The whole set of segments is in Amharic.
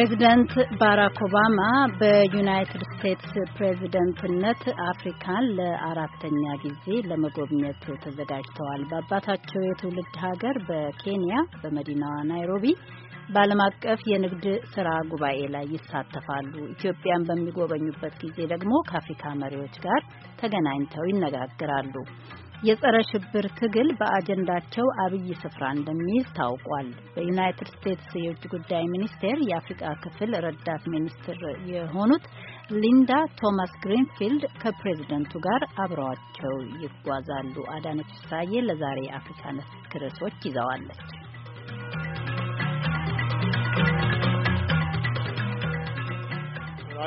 ፕሬዚደንት ባራክ ኦባማ በዩናይትድ ስቴትስ ፕሬዚደንትነት አፍሪካን ለአራተኛ ጊዜ ለመጎብኘት ተዘጋጅተዋል። በአባታቸው የትውልድ ሀገር በኬንያ በመዲናዋ ናይሮቢ በዓለም አቀፍ የንግድ ስራ ጉባኤ ላይ ይሳተፋሉ። ኢትዮጵያን በሚጎበኙበት ጊዜ ደግሞ ከአፍሪካ መሪዎች ጋር ተገናኝተው ይነጋግራሉ። የጸረ ሽብር ትግል በአጀንዳቸው አብይ ስፍራ እንደሚይዝ ታውቋል። በዩናይትድ ስቴትስ የውጭ ጉዳይ ሚኒስቴር የአፍሪቃ ክፍል ረዳት ሚኒስትር የሆኑት ሊንዳ ቶማስ ግሪንፊልድ ከፕሬዝደንቱ ጋር አብረዋቸው ይጓዛሉ። አዳነች ሳዬ ለዛሬ የአፍሪካ ነክ ርዕሶች ይዘዋለች።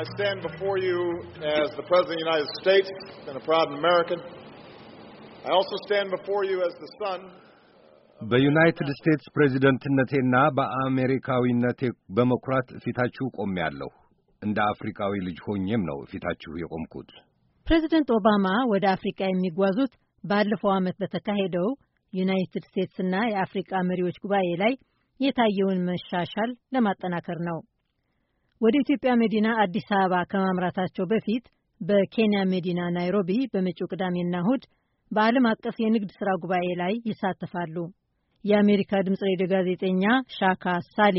I stand before you as the President of the United States and a proud American. በዩናይትድ ስቴትስ ፕሬዚደንትነቴና በአሜሪካዊነቴ በመኩራት ፊታችሁ ቆሜያለሁ። እንደ አፍሪካዊ ልጅ ሆኜም ነው ፊታችሁ የቆምኩት። ፕሬዚደንት ኦባማ ወደ አፍሪካ የሚጓዙት ባለፈው ዓመት በተካሄደው ዩናይትድ ስቴትስና የአፍሪቃ መሪዎች ጉባኤ ላይ የታየውን መሻሻል ለማጠናከር ነው። ወደ ኢትዮጵያ መዲና አዲስ አበባ ከማምራታቸው በፊት በኬንያ መዲና ናይሮቢ በመጪው ቅዳሜና እሁድ በዓለም አቀፍ የንግድ ሥራ ጉባኤ ላይ ይሳተፋሉ። የአሜሪካ ድምፅ ሬዲዮ ጋዜጠኛ ሻካ ሳሊ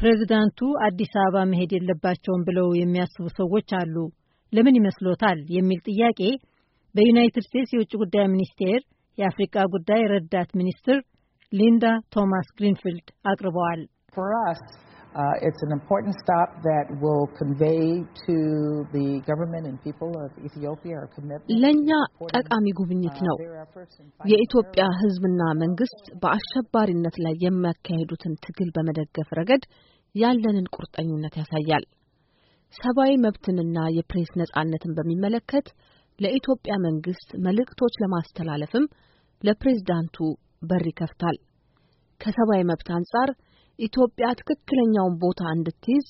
ፕሬዚዳንቱ አዲስ አበባ መሄድ የለባቸውም ብለው የሚያስቡ ሰዎች አሉ፣ ለምን ይመስሎታል? የሚል ጥያቄ በዩናይትድ ስቴትስ የውጭ ጉዳይ ሚኒስቴር የአፍሪቃ ጉዳይ ረዳት ሚኒስትር ሊንዳ ቶማስ ግሪንፊልድ አቅርበዋል። Uh, it's an important stop that will convey to the government and people of Ethiopia our commitment. ለኛ ጠቃሚ ጉብኝት uh, ነው። የኢትዮጵያ ሕዝብና መንግስት በአሸባሪነት ላይ የሚያካሂዱትን ትግል በመደገፍ ረገድ ያለንን ቁርጠኝነት ያሳያል። ሰብአዊ መብትንና የፕሬስ ነጻነትን በሚመለከት ለኢትዮጵያ መንግስት መልእክቶች ለማስተላለፍም ለፕሬዝዳንቱ በር ይከፍታል። ከሰብአዊ መብት አንጻር ኢትዮጵያ ትክክለኛውን ቦታ እንድትይዝ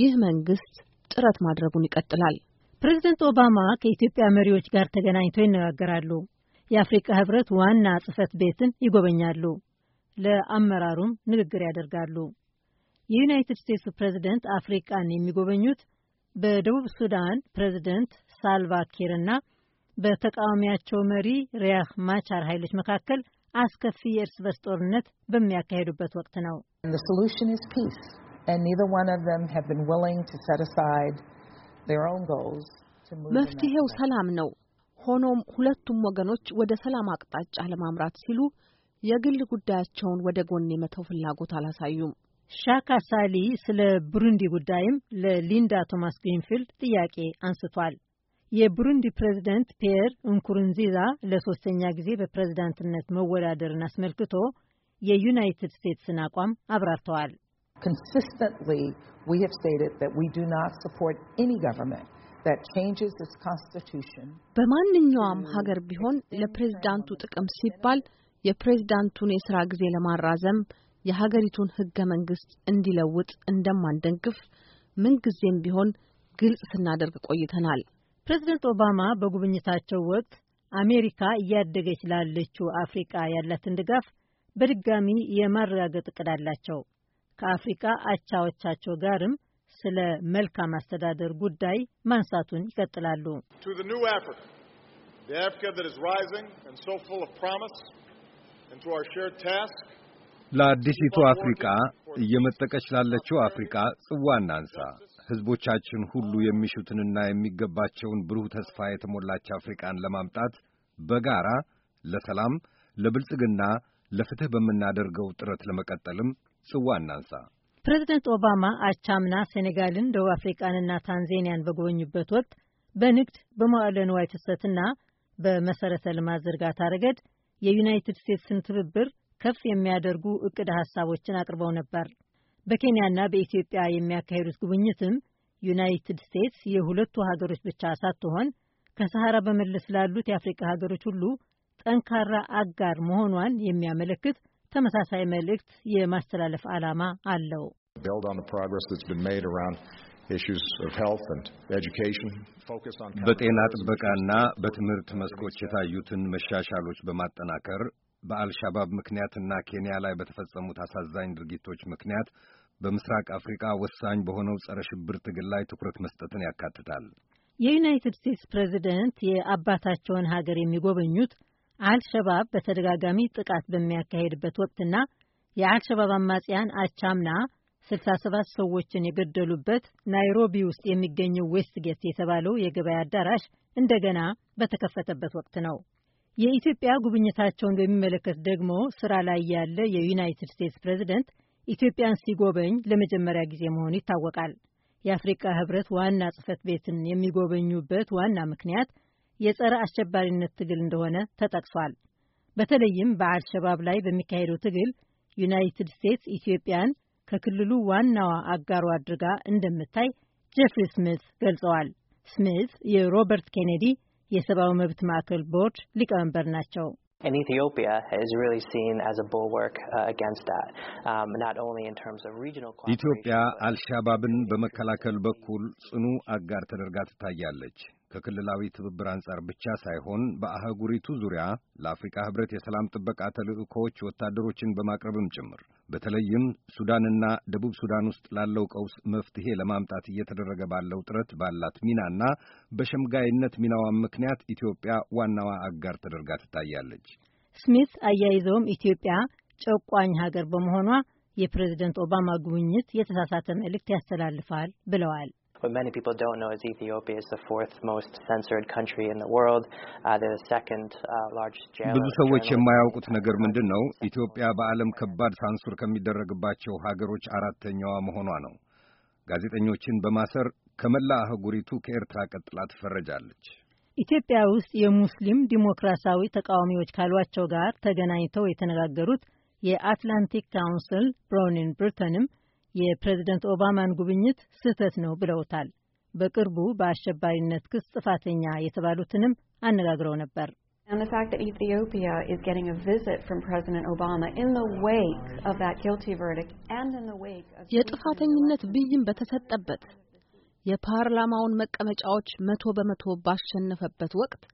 ይህ መንግስት ጥረት ማድረጉን ይቀጥላል። ፕሬዚደንት ኦባማ ከኢትዮጵያ መሪዎች ጋር ተገናኝተው ይነጋገራሉ። የአፍሪካ ህብረት ዋና ጽህፈት ቤትን ይጎበኛሉ። ለአመራሩም ንግግር ያደርጋሉ። የዩናይትድ ስቴትስ ፕሬዚደንት አፍሪቃን የሚጎበኙት በደቡብ ሱዳን ፕሬዚደንት ሳልቫኪር እና በተቃዋሚያቸው መሪ ሪያህ ማቻር ኃይሎች መካከል አስከፊ የእርስ በርስ ጦርነት በሚያካሄዱበት ወቅት ነው። መፍትሄው ሰላም ነው። ሆኖም ሁለቱም ወገኖች ወደ ሰላም አቅጣጫ ለማምራት ሲሉ የግል ጉዳያቸውን ወደ ጎን የመተው ፍላጎት አላሳዩም። ሻካ ሳሊ ስለ ብሩንዲ ጉዳይም ለሊንዳ ቶማስ ግሪንፊልድ ጥያቄ አንስቷል። የቡሩንዲ ፕሬዝደንት ፒየር እንኩሩንዚዛ ለሶስተኛ ጊዜ በፕሬዝዳንትነት መወዳደርን አስመልክቶ የዩናይትድ ስቴትስን አቋም አብራርተዋል። በማንኛውም ሀገር ቢሆን ለፕሬዝዳንቱ ጥቅም ሲባል የፕሬዝዳንቱን የስራ ጊዜ ለማራዘም የሀገሪቱን ህገ መንግስት እንዲለውጥ እንደማንደግፍ ምንጊዜም ቢሆን ግልጽ ስናደርግ ቆይተናል። ፕሬዚደንት ኦባማ በጉብኝታቸው ወቅት አሜሪካ እያደገች ላለችው አፍሪቃ ያላትን ድጋፍ በድጋሚ የማረጋገጥ እቅድ አላቸው። ከአፍሪቃ አቻዎቻቸው ጋርም ስለ መልካም አስተዳደር ጉዳይ ማንሳቱን ይቀጥላሉ። ለአዲሲቱ አፍሪቃ እየመጠቀች ላለችው አፍሪቃ ጽዋ እናንሳ። ሕዝቦቻችን ሁሉ የሚሹትንና የሚገባቸውን ብሩህ ተስፋ የተሞላች አፍሪቃን ለማምጣት በጋራ ለሰላም፣ ለብልጽግና፣ ለፍትሕ በምናደርገው ጥረት ለመቀጠልም ጽዋ እናንሳ። ፕሬዚደንት ኦባማ አቻምና ሴኔጋልን፣ ደቡብ አፍሪቃንና ታንዜኒያን በጎበኙበት ወቅት በንግድ በመዋዕለ ንዋይ ፍሰትና በመሠረተ ልማት ዝርጋታ ረገድ የዩናይትድ ስቴትስን ትብብር ከፍ የሚያደርጉ እቅድ ሐሳቦችን አቅርበው ነበር። በኬንያና በኢትዮጵያ የሚያካሂዱት ጉብኝትም ዩናይትድ ስቴትስ የሁለቱ ሀገሮች ብቻ ሳትሆን ከሰሃራ በመለስ ላሉት የአፍሪካ ሀገሮች ሁሉ ጠንካራ አጋር መሆኗን የሚያመለክት ተመሳሳይ መልእክት የማስተላለፍ ዓላማ አለው። በጤና ጥበቃና በትምህርት መስኮች የታዩትን መሻሻሎች በማጠናከር በአልሻባብ ምክንያትና ኬንያ ላይ በተፈጸሙት አሳዛኝ ድርጊቶች ምክንያት በምስራቅ አፍሪካ ወሳኝ በሆነው ጸረ ሽብር ትግል ላይ ትኩረት መስጠትን ያካትታል። የዩናይትድ ስቴትስ ፕሬዚደንት የአባታቸውን ሀገር የሚጎበኙት አልሸባብ በተደጋጋሚ ጥቃት በሚያካሄድበት ወቅትና የአልሸባብ አማጽያን አቻምና 67 ሰዎችን የገደሉበት ናይሮቢ ውስጥ የሚገኘው ዌስትጌት የተባለው የገበያ አዳራሽ እንደገና በተከፈተበት ወቅት ነው። የኢትዮጵያ ጉብኝታቸውን በሚመለከት ደግሞ ስራ ላይ ያለ የዩናይትድ ስቴትስ ፕሬዚደንት ኢትዮጵያን ሲጎበኝ ለመጀመሪያ ጊዜ መሆኑ ይታወቃል። የአፍሪካ ህብረት ዋና ጽህፈት ቤትን የሚጎበኙበት ዋና ምክንያት የጸረ አሸባሪነት ትግል እንደሆነ ተጠቅሷል። በተለይም በአልሸባብ ላይ በሚካሄደው ትግል ዩናይትድ ስቴትስ ኢትዮጵያን ከክልሉ ዋናዋ አጋሯ አድርጋ እንደምታይ ጀፍሪ ስሚት ገልጸዋል። ስሚት የሮበርት ኬኔዲ የሰብአዊ መብት ማዕከል ቦርድ ሊቀመንበር ናቸው። ኢትዮጵያ አልሻባብን uh, um, በመከላከል በኩል ጽኑ አጋር ተደርጋ ትታያለች። ከክልላዊ ትብብር አንጻር ብቻ ሳይሆን በአህጉሪቱ ዙሪያ ለአፍሪካ ህብረት የሰላም ጥበቃ ተልዕኮዎች ወታደሮችን በማቅረብም ጭምር በተለይም ሱዳንና ደቡብ ሱዳን ውስጥ ላለው ቀውስ መፍትሄ ለማምጣት እየተደረገ ባለው ጥረት ባላት ሚናና በሸምጋይነት ሚናዋ ምክንያት ኢትዮጵያ ዋናዋ አጋር ተደርጋ ትታያለች። ስሚት አያይዘውም ኢትዮጵያ ጨቋኝ ሀገር በመሆኗ የፕሬዝደንት ኦባማ ጉብኝት የተሳሳተ መልእክት ያስተላልፋል ብለዋል። What many people don't know is Ethiopia is the fourth most censored country in the world. Uh, the second uh, largest jail. ብዙ ሰዎች የማያውቁት ነገር ምንድን ነው? ኢትዮጵያ በዓለም ከባድ ሳንሱር ከሚደረግባቸው ሀገሮች አራተኛዋ መሆኗ ነው። ጋዜጠኞችን በማሰር ከመላ አህጉሪቱ ከኤርትራ ቀጥላ ትፈረጃለች። ኢትዮጵያ ውስጥ የሙስሊም ዲሞክራሲያዊ ተቃዋሚዎች ካሏቸው ጋር ተገናኝተው የተነጋገሩት የአትላንቲክ ካውንስል ብራውን ብርተንም የፕሬዝደንት ኦባማን ጉብኝት ስህተት ነው ብለውታል። በቅርቡ በአሸባሪነት ክስ ጥፋተኛ የተባሉትንም አነጋግረው ነበር። የጥፋተኝነት ብይን በተሰጠበት የፓርላማውን መቀመጫዎች መቶ በመቶ ባሸነፈበት ወቅት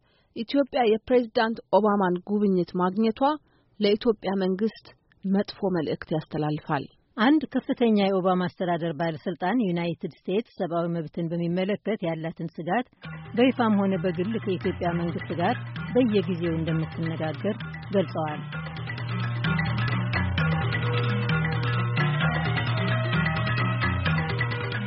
ኢትዮጵያ የፕሬዝዳንት ኦባማን ጉብኝት ማግኘቷ ለኢትዮጵያ መንግስት መጥፎ መልእክት ያስተላልፋል። አንድ ከፍተኛ የኦባማ አስተዳደር ባለስልጣን ዩናይትድ ስቴትስ ሰብአዊ መብትን በሚመለከት ያላትን ስጋት በይፋም ሆነ በግል ከኢትዮጵያ መንግስት ጋር በየጊዜው እንደምትነጋገር ገልጸዋል።